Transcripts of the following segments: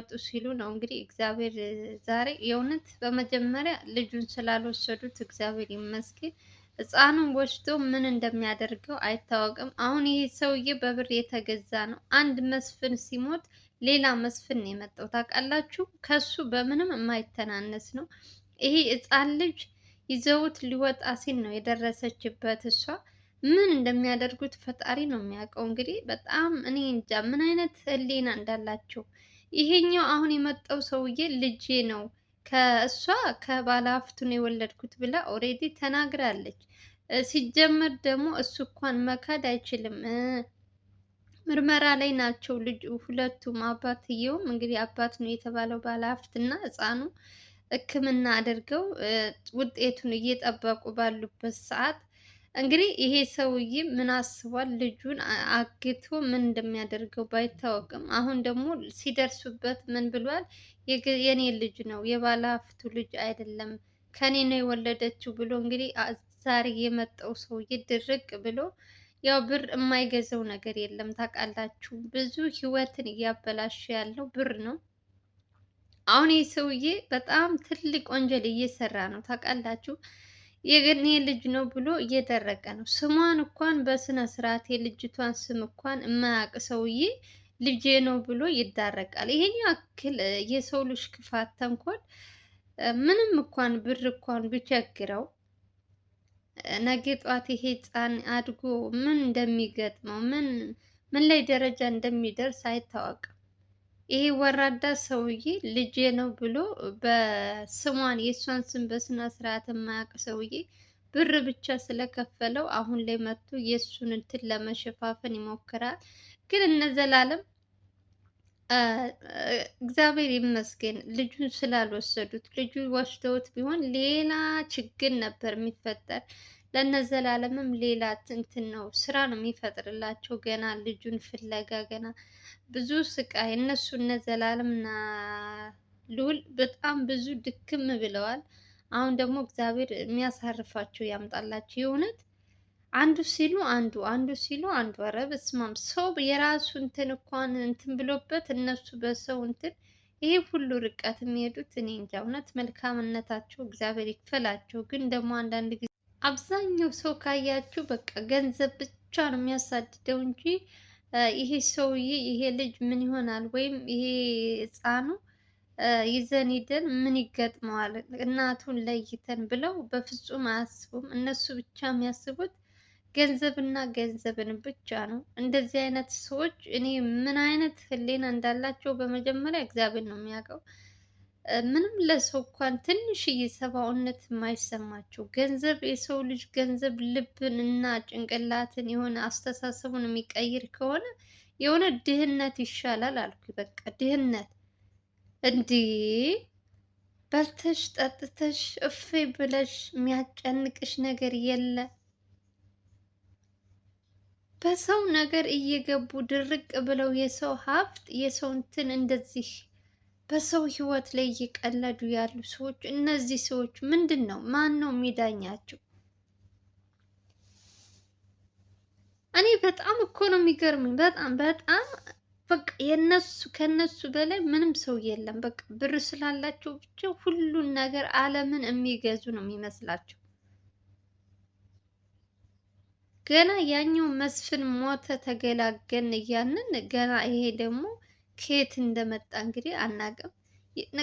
ወጡ ሲሉ ነው እንግዲህ እግዚአብሔር ዛሬ የእውነት በመጀመሪያ ልጁን ስላልወሰዱት እግዚአብሔር ይመስገን። ህፃኑን ወስዶ ምን እንደሚያደርገው አይታወቅም። አሁን ይሄ ሰውዬ በብር የተገዛ ነው። አንድ መስፍን ሲሞት ሌላ መስፍን ነው የመጣው። ታውቃላችሁ፣ ከሱ በምንም የማይተናነስ ነው። ይሄ ህፃን ልጅ ይዘውት ሊወጣ ሲል ነው የደረሰችበት እሷ ምን እንደሚያደርጉት ፈጣሪ ነው የሚያውቀው። እንግዲህ በጣም እኔ እንጃ ምን አይነት ህሊና እንዳላቸው ይሄኛው አሁን የመጣው ሰውዬ ልጄ ነው ከእሷ ከባለሀብቱ ነው የወለድኩት ብላ ኦሬዲ ተናግራለች። ሲጀመር ደግሞ እሱ እንኳን መካድ አይችልም። ምርመራ ላይ ናቸው ልጅ ሁለቱም። አባትየውም እንግዲህ አባት ነው የተባለው ባለሀብት እና ህፃኑ ሕክምና አድርገው ውጤቱን እየጠበቁ ባሉበት ሰዓት እንግዲህ ይሄ ሰውዬ ምን አስቧል? ልጁን አግቶ ምን እንደሚያደርገው ባይታወቅም፣ አሁን ደግሞ ሲደርሱበት ምን ብሏል? የኔ ልጅ ነው የባለሀብቱ ልጅ አይደለም ከኔ ነው የወለደችው ብሎ እንግዲህ ዛሬ የመጣው ሰውዬ ድርቅ ብሎ ያው ብር የማይገዛው ነገር የለም ታውቃላችሁ። ብዙ ህይወትን እያበላሸ ያለው ብር ነው። አሁን ይህ ሰውዬ በጣም ትልቅ ወንጀል እየሰራ ነው ታውቃላችሁ። የገኔ ልጅ ነው ብሎ እየደረቀ ነው። ስሟን እንኳን በስነ ስርዓት የልጅቷን ስም እንኳን የማያውቅ ሰውዬ ልጄ ነው ብሎ ይዳረቃል። ይሄኛው ያክል የሰው ልጅ ክፋት፣ ተንኮል ምንም እንኳን ብር እንኳን ቢቸግረው ነገ ጧት ይሄ ሕፃን አድጎ ምን እንደሚገጥመው ምን ምን ላይ ደረጃ እንደሚደርስ አይታወቅም። ይሄ ወራዳ ሰውዬ ልጄ ነው ብሎ በስሟን የእሷን ስም በስነ ስርዓት የማያውቅ ሰውዬ ብር ብቻ ስለከፈለው አሁን ላይ መጥቶ የእሱን እንትን ለመሸፋፈን ይሞክራል። ግን እነ ዘላለም እግዚአብሔር ይመስገን ልጁን ስላልወሰዱት። ልጁ ወስደውት ቢሆን ሌላ ችግር ነበር የሚፈጠር። ለነዘላለምም ሌላ እንትን ነው ስራ ነው የሚፈጥርላቸው። ገና ልጁን ፍለጋ ገና ብዙ ስቃይ እነሱ እነዘላለም እና ልዑል በጣም ብዙ ድክም ብለዋል። አሁን ደግሞ እግዚአብሔር የሚያሳርፋቸው ያምጣላቸው። የእውነት አንዱ ሲሉ አንዱ አንዱ ሲሉ አንዱ። ኧረ በስመ አብ ሰው የራሱ እንትን እንኳን እንትን ብሎበት እነሱ በሰው እንትን ይሄ ሁሉ ርቀት የሚሄዱት እኔ እንጃ። እውነት መልካምነታቸው እግዚአብሔር ይክፈላቸው። ግን ደግሞ አንዳንድ ጊዜ አብዛኛው ሰው ካያችሁ በቃ ገንዘብ ብቻ ነው የሚያሳድደው እንጂ ይሄ ሰውዬ ይሄ ልጅ ምን ይሆናል ወይም ይሄ ህፃኑ ይዘን ሂደን ምን ይገጥመዋል እናቱን ለይተን ብለው በፍጹም አያስቡም። እነሱ ብቻ የሚያስቡት ገንዘብና ገንዘብን ብቻ ነው። እንደዚህ አይነት ሰዎች እኔ ምን አይነት ህሊና እንዳላቸው በመጀመሪያ እግዚአብሔር ነው የሚያውቀው። ምንም ለሰው እንኳን ትንሽዬ ሰብአዊነት የማይሰማቸው ገንዘብ የሰው ልጅ ገንዘብ ልብን እና ጭንቅላትን የሆነ አስተሳሰቡን የሚቀይር ከሆነ የሆነ ድህነት ይሻላል አልኩ። በቃ ድህነት እንዲህ በልተሽ ጠጥተሽ እፌ ብለሽ የሚያጨንቅሽ ነገር የለ። በሰው ነገር እየገቡ ድርቅ ብለው የሰው ሀብት የሰው እንትን እንደዚህ በሰው ህይወት ላይ እየቀለዱ ያሉ ሰዎች እነዚህ ሰዎች ምንድን ነው? ማን ነው የሚዳኛቸው? እኔ በጣም እኮ ነው የሚገርመኝ። በጣም በጣም በቃ የነሱ ከነሱ በላይ ምንም ሰው የለም። በቃ ብር ስላላቸው ብቻ ሁሉን ነገር ዓለምን የሚገዙ ነው የሚመስላቸው። ገና ያኛው መስፍን ሞተ ተገላገን እያንን ገና ይሄ ደግሞ ከየት እንደመጣ እንግዲህ አናውቅም።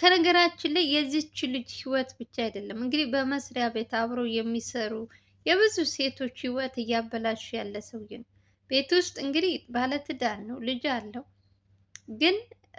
ከነገራችን ላይ የዚች ልጅ ህይወት ብቻ አይደለም እንግዲህ በመስሪያ ቤት አብረው የሚሰሩ የብዙ ሴቶች ህይወት እያበላሹ ያለ ሰውዬ ነው። ቤት ውስጥ እንግዲህ ባለትዳር ነው፣ ልጅ አለው። ግን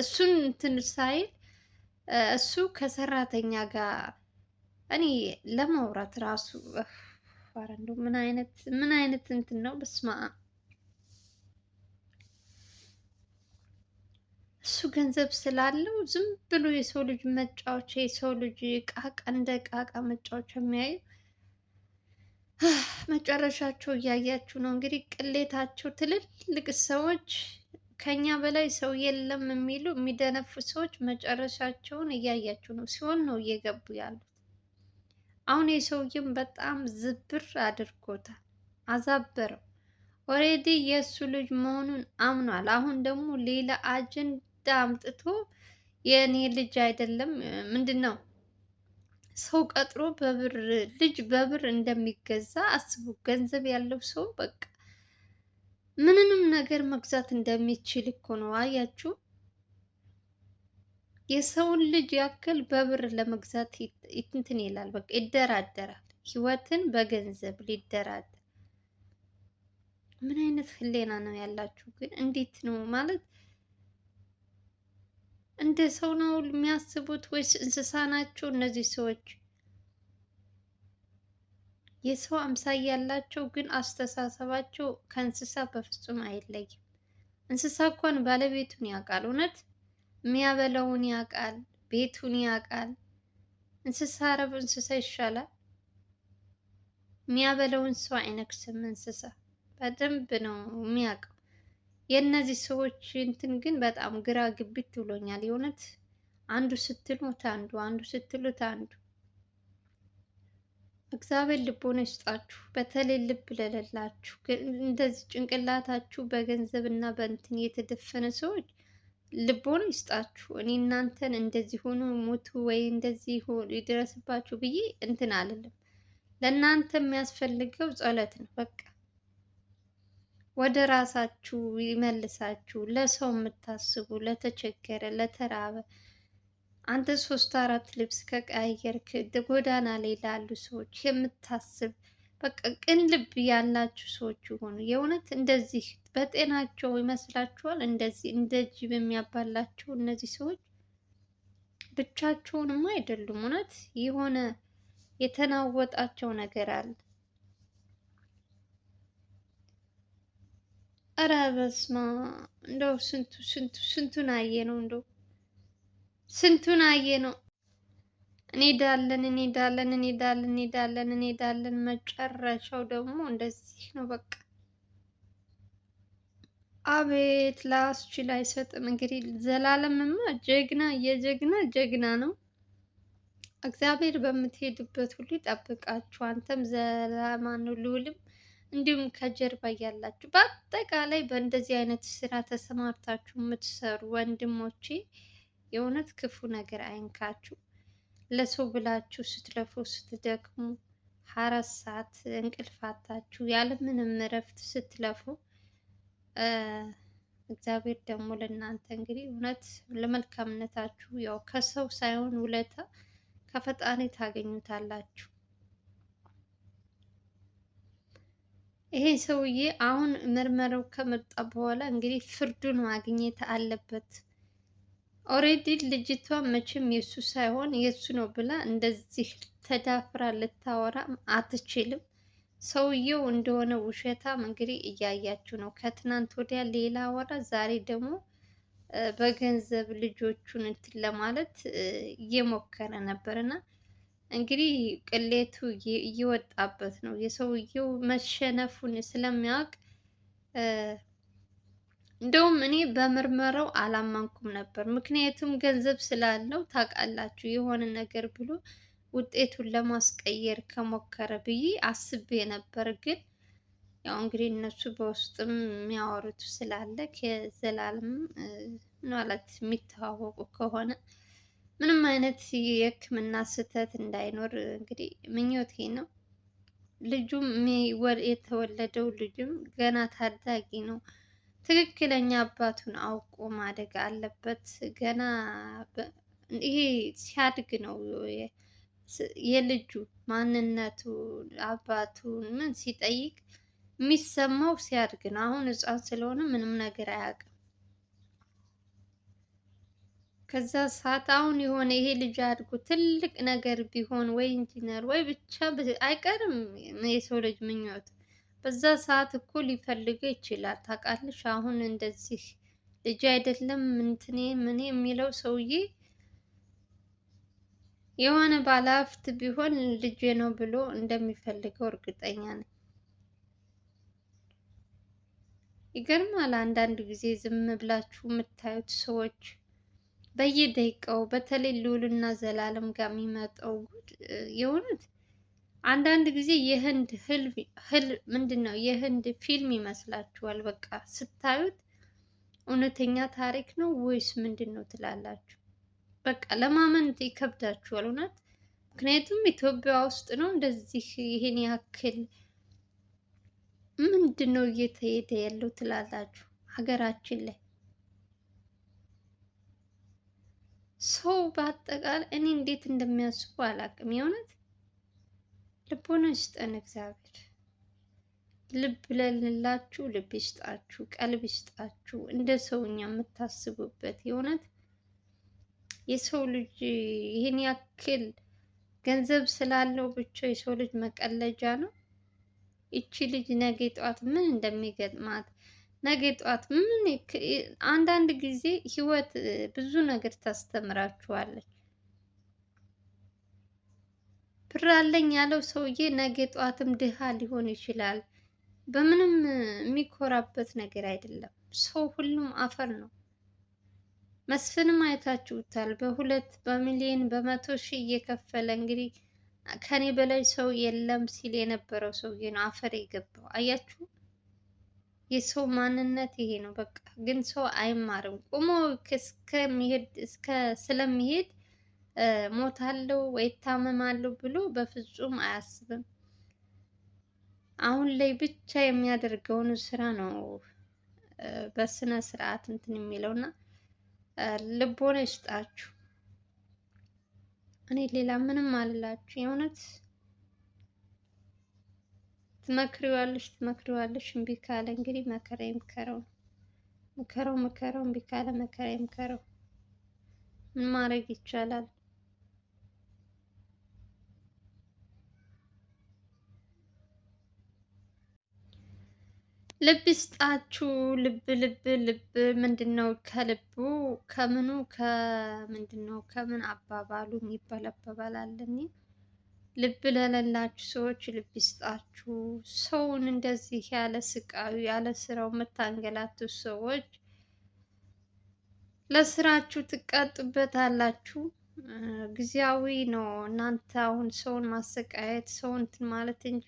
እሱን እንትን ሳይል እሱ ከሰራተኛ ጋር እኔ ለማውራት ራሱ ምን አይነት ምን አይነት እንትን ነው በስማ እሱ ገንዘብ ስላለው ዝም ብሎ የሰው ልጅ መጫወቻ የሰው ልጅ እቃቃ እንደ ቃቃ መጫወቻ የሚያየው መጨረሻቸው እያያችሁ ነው እንግዲህ ቅሌታቸው። ትልልቅ ሰዎች ከኛ በላይ ሰው የለም የሚሉ የሚደነፉ ሰዎች መጨረሻቸውን እያያችሁ ነው ሲሆን ነው እየገቡ ያሉት። አሁን የሰውዬም በጣም ዝብር አድርጎታል፣ አዛበረው። ኦሬዲ የእሱ ልጅ መሆኑን አምኗል። አሁን ደግሞ ሌላ አጀንዳ ግድ አምጥቶ የእኔ ልጅ አይደለም ምንድን ነው ሰው ቀጥሮ በብር ልጅ በብር እንደሚገዛ አስቡ። ገንዘብ ያለው ሰው በቃ ምንንም ነገር መግዛት እንደሚችል እኮ ነው። አያችሁ፣ የሰውን ልጅ ያክል በብር ለመግዛት እንትን ይላል። በቃ ይደራደራል። ህይወትን በገንዘብ ሊደራደር ምን አይነት ህሌና ነው ያላችሁ ግን? እንዴት ነው ማለት እንደ ሰው ነው የሚያስቡት ወይስ እንስሳ ናቸው? እነዚህ ሰዎች የሰው አምሳይ ያላቸው ግን አስተሳሰባቸው ከእንስሳ በፍጹም አይለይም። እንስሳ እንኳን ባለቤቱን ያውቃል፣ እውነት የሚያበላውን ያውቃል፣ ቤቱን ያውቃል። እንስሳ ረብ እንስሳ ይሻላል። የሚያበላውን ሰው አይነክስም። እንስሳ በደንብ ነው የሚያውቀው። የእነዚህ ሰዎች እንትን ግን በጣም ግራ ግብት ብሎኛል። የእውነት አንዱ ስትሉት አንዱ አንዱ ስትሉት አንዱ እግዚአብሔር ልቦና ይስጣችሁ። በተለይ ልብ ለሌላችሁ እንደዚህ ጭንቅላታችሁ በገንዘብ እና በእንትን የተደፈነ ሰዎች ልቦና ይስጣችሁ። እኔ እናንተን እንደዚህ ሆኑ ሞቱ ወይ እንደዚህ ይድረስባችሁ ብዬ እንትን አልልም። ለእናንተ የሚያስፈልገው ጸሎት ነው በቃ ወደ ራሳችሁ ይመልሳችሁ። ለሰው የምታስቡ ለተቸገረ፣ ለተራበ አንተ ሶስት አራት ልብስ ከቀያየርክ ጎዳና ላይ ላሉ ሰዎች የምታስብ በቃ ቅን ልብ ያላችሁ ሰዎች ይሆኑ። የእውነት እንደዚህ በጤናቸው ይመስላችኋል? እንደዚህ እንደ ጅብ የሚያባላቸው እነዚህ ሰዎች ብቻቸውንም አይደሉም። እውነት የሆነ የተናወጣቸው ነገር አለ። ኧረ በስመ አብ እንደው ስንቱ ስንቱ ስንቱን አየ ነው እንደው ስንቱን አየ ነው። እንሄዳለን እንሄዳለን እንሄዳለን እንሄዳለን እንሄዳለን መጨረሻው ደግሞ እንደዚህ ነው በቃ። አቤት ላስችል አይሰጥም። እንግዲህ ዘላለምማ ጀግና የጀግና ጀግና ነው። እግዚአብሔር በምትሄድበት ሁሉ ይጠብቃችሁ። አንተም ዘላማ ነው ልውልም እንዲሁም ከጀርባ ያላችሁ በአጠቃላይ በእንደዚህ አይነት ስራ ተሰማርታችሁ የምትሰሩ ወንድሞቼ የእውነት ክፉ ነገር አይንካችሁ። ለሰው ብላችሁ ስትለፉ ስትደክሙ አራት ሰዓት እንቅልፋታችሁ ያለምንም እረፍት ስትለፉ እግዚአብሔር ደግሞ ለእናንተ እንግዲህ እውነት ለመልካምነታችሁ ያው ከሰው ሳይሆን ውለታ ከፈጣሪ ታገኙታላችሁ። ይሄ ሰውዬ አሁን ምርመራው ከመጣ በኋላ እንግዲህ ፍርዱን ማግኘት አለበት። ኦሬዲ ልጅቷ መቼም የሱ ሳይሆን የሱ ነው ብላ እንደዚህ ተዳፍራ ልታወራም አትችልም። ሰውየው እንደሆነ ውሸታም እንግዲህ እያያችሁ ነው። ከትናንት ወዲያ ሌላ ወራ፣ ዛሬ ደግሞ በገንዘብ ልጆቹን እንትን ለማለት እየሞከረ ነበር እና እንግዲህ ቅሌቱ እየወጣበት ነው። የሰውየው መሸነፉን ስለሚያውቅ እንደውም እኔ በምርመራው አላማንኩም ነበር። ምክንያቱም ገንዘብ ስላለው ታውቃላችሁ፣ የሆነ ነገር ብሎ ውጤቱን ለማስቀየር ከሞከረ ብዬ አስቤ ነበር። ግን ያው እንግዲህ እነሱ በውስጥም የሚያወሩት ስላለ ከዘላለም ምናልባት የሚተዋወቁ ከሆነ ምንም አይነት የሕክምና ስህተት እንዳይኖር እንግዲህ ምኞቴ ነው። ልጁም የተወለደው ልጅም ገና ታዳጊ ነው። ትክክለኛ አባቱን አውቆ ማደግ አለበት። ገና ይሄ ሲያድግ ነው የልጁ ማንነቱ አባቱን ምን ሲጠይቅ የሚሰማው ሲያድግ ነው። አሁን ሕፃን ስለሆነ ምንም ነገር አያውቅም። ከዛ ሰዓት አሁን የሆነ ይሄ ልጅ አድጎ ትልቅ ነገር ቢሆን ወይ ኢንጂነር ወይ ብቻ አይቀርም የሰው ልጅ ምኞት። በዛ ሰዓት እኮ ሊፈልገው ይችላል ታውቃለሽ። አሁን እንደዚህ ልጅ አይደለም እንትኔ ምን የሚለው ሰውዬ የሆነ ባለሀብት ቢሆን ልጄ ነው ብሎ እንደሚፈልገው እርግጠኛ ነኝ። ይገርማል አንዳንድ ጊዜ ዝም ብላችሁ የምታዩት ሰዎች በየደቂቃው በተለይ ልዑልና ዘላለም ጋር የሚመጣው ጉድ የሆኑት አንዳንድ ጊዜ የህንድ ምንድን ነው የህንድ ፊልም ይመስላችኋል። በቃ ስታዩት እውነተኛ ታሪክ ነው ወይስ ምንድን ነው ትላላችሁ? በቃ ለማመን ይከብዳችኋል እውነት። ምክንያቱም ኢትዮጵያ ውስጥ ነው እንደዚህ ይህን ያክል ምንድን ነው እየተሄደ ያለው ትላላችሁ ሀገራችን ላይ ሰው በአጠቃላይ እኔ እንዴት እንደሚያስቡ አላውቅም። የእውነት ልቦና ይስጠን እግዚአብሔር። ልብ ለሌላችሁ ልብ ይስጣችሁ፣ ቀልብ ይስጣችሁ። እንደ ሰውኛ የምታስቡበት የእውነት የሰው ልጅ ይህን ያክል ገንዘብ ስላለው ብቻ የሰው ልጅ መቀለጃ ነው። ይቺ ልጅ ነገ ጠዋት ምን እንደሚገጥማት ነገ ጠዋት ምን አንዳንድ ጊዜ ህይወት ብዙ ነገር ታስተምራችኋለች። ብር አለኝ ያለው ሰውዬ ነገ ጠዋትም ድሃ ሊሆን ይችላል። በምንም የሚኮራበት ነገር አይደለም። ሰው ሁሉም አፈር ነው። መስፍንም አይታችሁታል። በሁለት በሚሊዮን በመቶ ሺህ እየከፈለ እንግዲህ ከኔ በላይ ሰው የለም ሲል የነበረው ሰውዬ ነው አፈር የገባው አያችሁ። የሰው ማንነት ይሄ ነው። በቃ ግን ሰው አይማርም። ቁሞ እስከሚሄድ እስከ ስለሚሄድ ሞታለው ወይ ታመማለው ብሎ በፍጹም አያስብም። አሁን ላይ ብቻ የሚያደርገውን ስራ ነው በስነ ስርዓት እንትን የሚለውና ልቦና ይስጣችሁ። እኔ ሌላ ምንም አልላችሁ የእውነት ትመክሪዋለሽ ትመክሪዋለሽ እምቢ ካለ እንግዲህ መከራ ይምከረው ምከረው ምከረው እምቢ ካለ መከራ ይምከረው። ምን ማድረግ ይቻላል? ልብ ይስጣችሁ። ልብ ልብ ልብ ምንድን ነው? ከልቡ ከምኑ ከምንድን ነው ከምን አባባሉ የሚባል አባባል አለ። ልብ ለሌላችሁ ሰዎች ልብ ይስጣችሁ። ሰውን እንደዚህ ያለ ስቃዩ ያለ ስራው የምታንገላቱ ሰዎች ለስራችሁ ትቀጡበታላችሁ። ጊዜያዊ ነው። እናንተ አሁን ሰውን ማሰቃየት ሰው እንትን ማለት እንጂ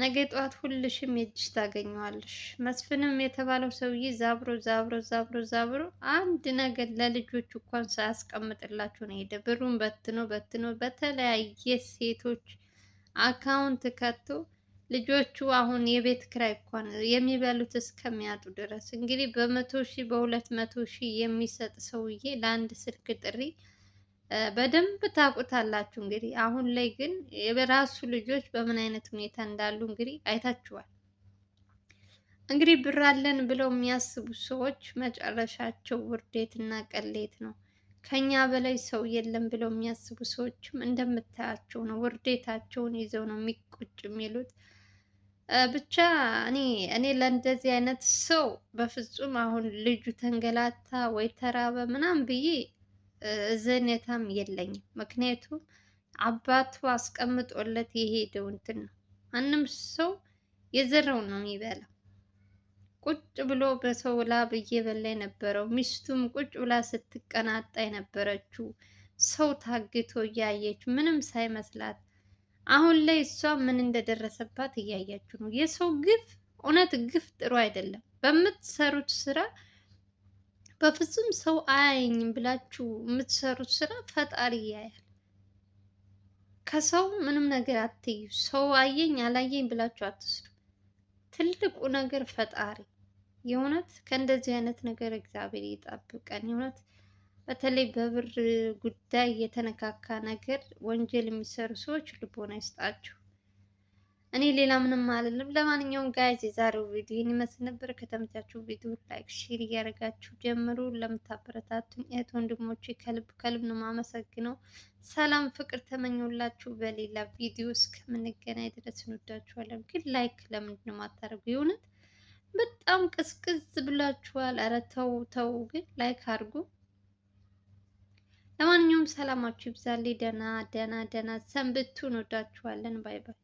ነገ ጠዋት ሁልሽም የእጅሽ ታገኘዋለሽ። መስፍንም የተባለው ሰውዬ ዛብሮ ዛብሮ ዛብሮ ዛብሮ አንድ ነገር ለልጆቹ እንኳን ሳያስቀምጥላቸው ነው ሄደ። ብሩን በትኖ በትኖ በተለያየ ሴቶች አካውንት ከቶ ልጆቹ አሁን የቤት ክራይ እንኳን የሚበሉት እስከሚያጡ ድረስ እንግዲህ በመቶ ሺህ በሁለት መቶ ሺህ የሚሰጥ ሰውዬ ለአንድ ስልክ ጥሪ በደንብ ታውቁታላችሁ። እንግዲህ አሁን ላይ ግን የራሱ ልጆች በምን አይነት ሁኔታ እንዳሉ እንግዲህ አይታችኋል። እንግዲህ ብር አለን ብለው የሚያስቡ ሰዎች መጨረሻቸው ውርዴት እና ቀሌት ነው። ከኛ በላይ ሰው የለም ብለው የሚያስቡ ሰዎችም እንደምታያቸው ነው። ውርዴታቸውን ይዘው ነው የሚቆጭ የሚሉት። ብቻ እኔ እኔ ለእንደዚህ አይነት ሰው በፍጹም አሁን ልጁ ተንገላታ ወይ ተራበ ምናምን ብዬ ዘኔታም የለኝም። ምክንያቱም አባቱ አስቀምጦለት የሄደው እንትን ነው። ማንም ሰው የዘራውን ነው የሚበላው ቁጭ ብሎ በሰው ላብ እየበላ የነበረው ሚስቱም ቁጭ ብላ ስትቀናጣ የነበረችው ሰው ታግቶ እያየች ምንም ሳይመስላት አሁን ላይ እሷ ምን እንደደረሰባት እያያችሁ ነው። የሰው ግፍ እውነት ግፍ ጥሩ አይደለም። በምትሰሩት ስራ በፍጹም ሰው አያየኝም ብላችሁ የምትሰሩት ስራ ፈጣሪ ያያል። ከሰው ምንም ነገር አትዩ። ሰው አየኝ አላየኝ ብላችሁ አትስሩ። ትልቁ ነገር ፈጣሪ የእውነት ከእንደዚህ አይነት ነገር እግዚአብሔር ይጠብቀን። የእውነት በተለይ በብር ጉዳይ የተነካካ ነገር ወንጀል የሚሰሩ ሰዎች ልቦና ይስጣችሁ። እኔ ሌላ ምንም አልልም። ለማንኛውም ጋይዝ የዛሬው ቪዲዮ ይህን ይመስል ነበር። ከተመቻችሁ ቪዲዮ ላይክ፣ ሼር እያደረጋችሁ ጀምሩ። ለምታበረታቱኝ እህት ወንድሞቼ ከልብ ከልብ ነው የማመሰግነው። ሰላም ፍቅር ተመኞላችሁ። በሌላ ቪዲዮ እስከምንገናኝ ድረስ እንወዳችኋለን። ግን ላይክ ለምንድን ነው የማታደርጉ? የእውነት በጣም ቅዝቅዝ ብላችኋል። ኧረ ተው ተው፣ ግን ላይክ አድርጉ። ለማንኛውም ሰላማችሁ ይብዛልኝ። ደህና ደህና ደህና ሰንብቱ። እንወዳችኋለን። ባይ ባይ።